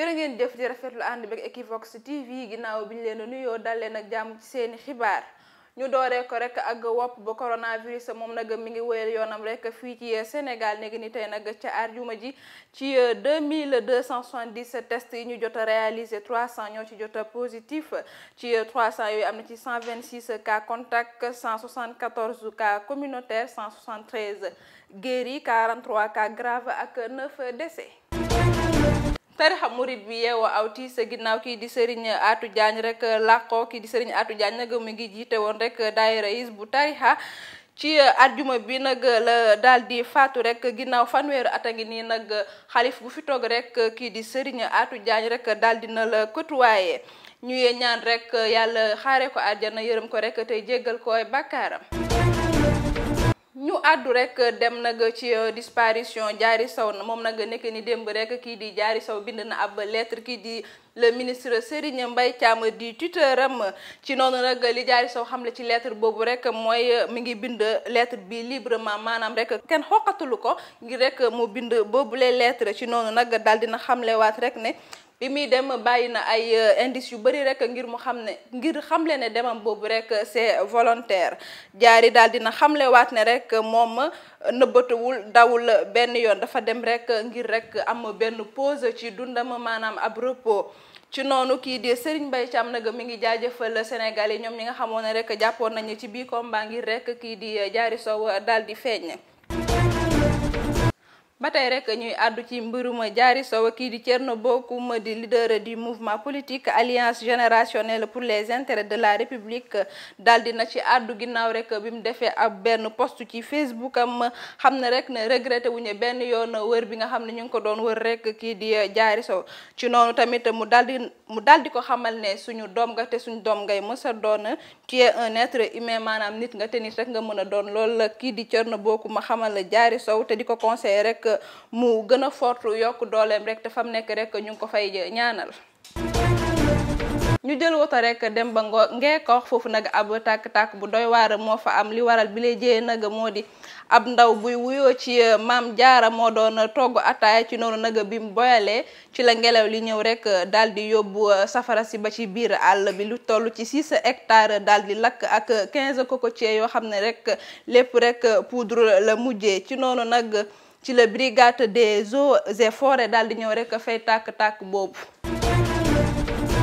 jërë ngeen jëf di rafetlu ànd beeg Equivox TV ginnaaw bi ñu leen a nuyoo dal nag ak jàmm ci seeni xibaar ñu dooree ko rek ak wopp ba coronavirus moom nag mi ngi wéyal yoonam rek fii ci Sénégal léegi ni tey nag ca arjuma ji ci 2277 euh, tests yi ñu jot a réalisé ñoo ci jot a positif ci 300 euh, yooyu am na ci 126 cas contact 174 cas communautaire 173 guéri 43 cas grave ak 9 décès. tarixa murit bi yeewoo aw ti sa ginnaaw kii di Serigne atu jaañ rek euh, làqoo kii di Serigne Atou Diagne nag mu ngi jiite woon rek euh, daayira is bu tarixa ci euh, àjjuma bi nag la daal di faatu rek ginnaaw fanweeru at a ngi nii nag xalif bu fi toog rek kii di Serigne atu jaañ rek daal dina la kotuwaaye ñuy ñaan rek yàlla xaare ko àjjana yërëm ko rek tey jéggal ko ay addu rek dem nag ci euh, disparition jaari Sow moom nag nekk ni démb rek kii di jaari saw bind na ab lettre kii di le ministre Serigne Mbaye Thiam di tuteuram ci noonu nag li jaari Sow xamle ci lettre boobu rek mooy mi ngi bind lettre bi librement maanaam rek kenn xoqatalu ko ngir rek mu bind boobu boobule lettre ci noonu nag daal dina xamlewaat rek ne bi muy dem bàyyi na ay euh, indice yu bëri rek ngir mu xam ne ngir xamle ne demam boobu rek c'est volontaire jaari daal dina xamle waat ne rek moom euh, nëbbatuwul dawul benn yoon dafa dem rek ngir rek am benn pause ci dundam maanaam ab repos ci noonu kii di Serigne Mbaye Thiam nag mi ngi jaajëfal Sénégal yi ñoom ñi nga xamoon ne rek jàppoon nañu ci bii combat ngir rek kii di jaari euh, Sow daal di feeñ ba tey rek ñuy àddu ci mbiruma jaari Sow kii di Thierno Bocoum di leader di mouvement politique alliance générationnelle pour les intérêts de la république daal di na ci àddu ginnaaw rek bi mu defee ab benn post ci Facebook am xam ne rek ne regretté wu ñu benn yoon wër bi nga xam ne ñu ngi ko doon wër rek kii di jaari Sow ci noonu tamit mu daal di mu daal di ko xamal ne suñu doom nga suñu doom ngay mës doon tu es un être humain maanaam nit nga te nit rek nga mën a doon loolu la kii di Thierno Bocoum xamal Diary Sow te di ko conseillé rek. mu gën a fort yokk dooleem rek te fam nekk rekk ñu ngi ko fay ñaanal. ñu jël woto rekk dem ba Ngeekoox foofu nag ab tàkk-tàkk bu doy waar moo fa am li waral bi lay jëyee nag moo di ab ndaw buy wuyoo ci eh, maam jaara moo doon togg ataaya ci noonu nag bi mu boyalee ci la ngelaw li ñëw rek dal di yóbbu eh, safara si ba ci biir àll bi lu toll ci 6 hectares daal di lakk ak 15 cocotiers yoo xam ne rek lépp rek poudre la mujjee ci noonu nag. ci la brigade des eaux et forêts daal di ñëw rek fay tàkk-tàkk boobu.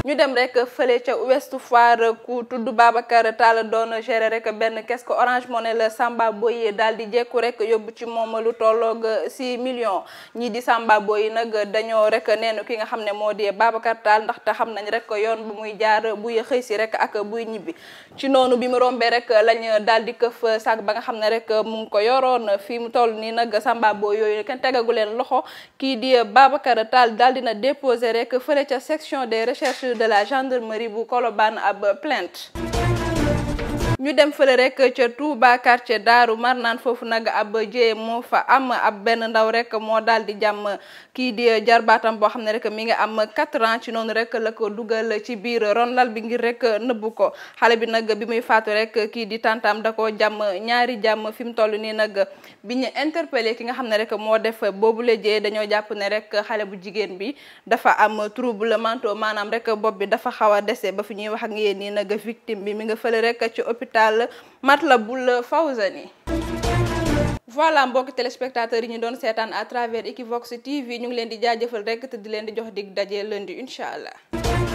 ñu dem rek fële ca Ouest Foire ku tudd Babacar Tall doon gérer rek benn kees Orange ne la Samba Boye daal di jekku rek yóbbu ci moom lu tolloog 6 millions ñii di Samba yi nag dañoo rek neenu ki nga xam ne moo di Babacar ndax te xam nañ rek yoon bu muy jaar buy xëy si rek ak buy ñibbi ci noonu bi mu rombee rek lañ daal di këf sac ba nga xam ne rek mu ko yoroon fii mu toll nii nag Samba Boye yooyu kenn tegagu leen loxo kii di Babacar Tall daal dina déposer rek fële section des recherches de la gendarmerie bu Colobane ab plainte ñu dem fële rek ca Touba quartier Daaru Marnaan foofu nag ab jee moo fa am ab benn ndaw rek moo daal di jàmm kii di jarbaatam boo xam ne rek mi ngi am 4 ans ci noonu rek la ko dugal ci biir ron lal bi ngir rek nëbbu ko xale bi nag bi muy faatu rek kii di tantam da koo jàmm ñaari jàmm fi mu toll nii nag bi ñu interpellé ki nga xam ne rek moo def boobu boobule jee dañoo jàpp ne rek xale bu jigéen bi dafa am trouble maanaam rek bopp bi dafa xaw a dese ba fi ñuy wax ak yéen nii nag victime bi mi nga fële rek ci hôpital hôpital Matlaboul Fawzani voilà mbokki téléspectateurs yi ñu doon seetaan à travers Equivox TV ñu ngi leen di jaajëfal rek te di leen di jox dig daje lundi incha allah.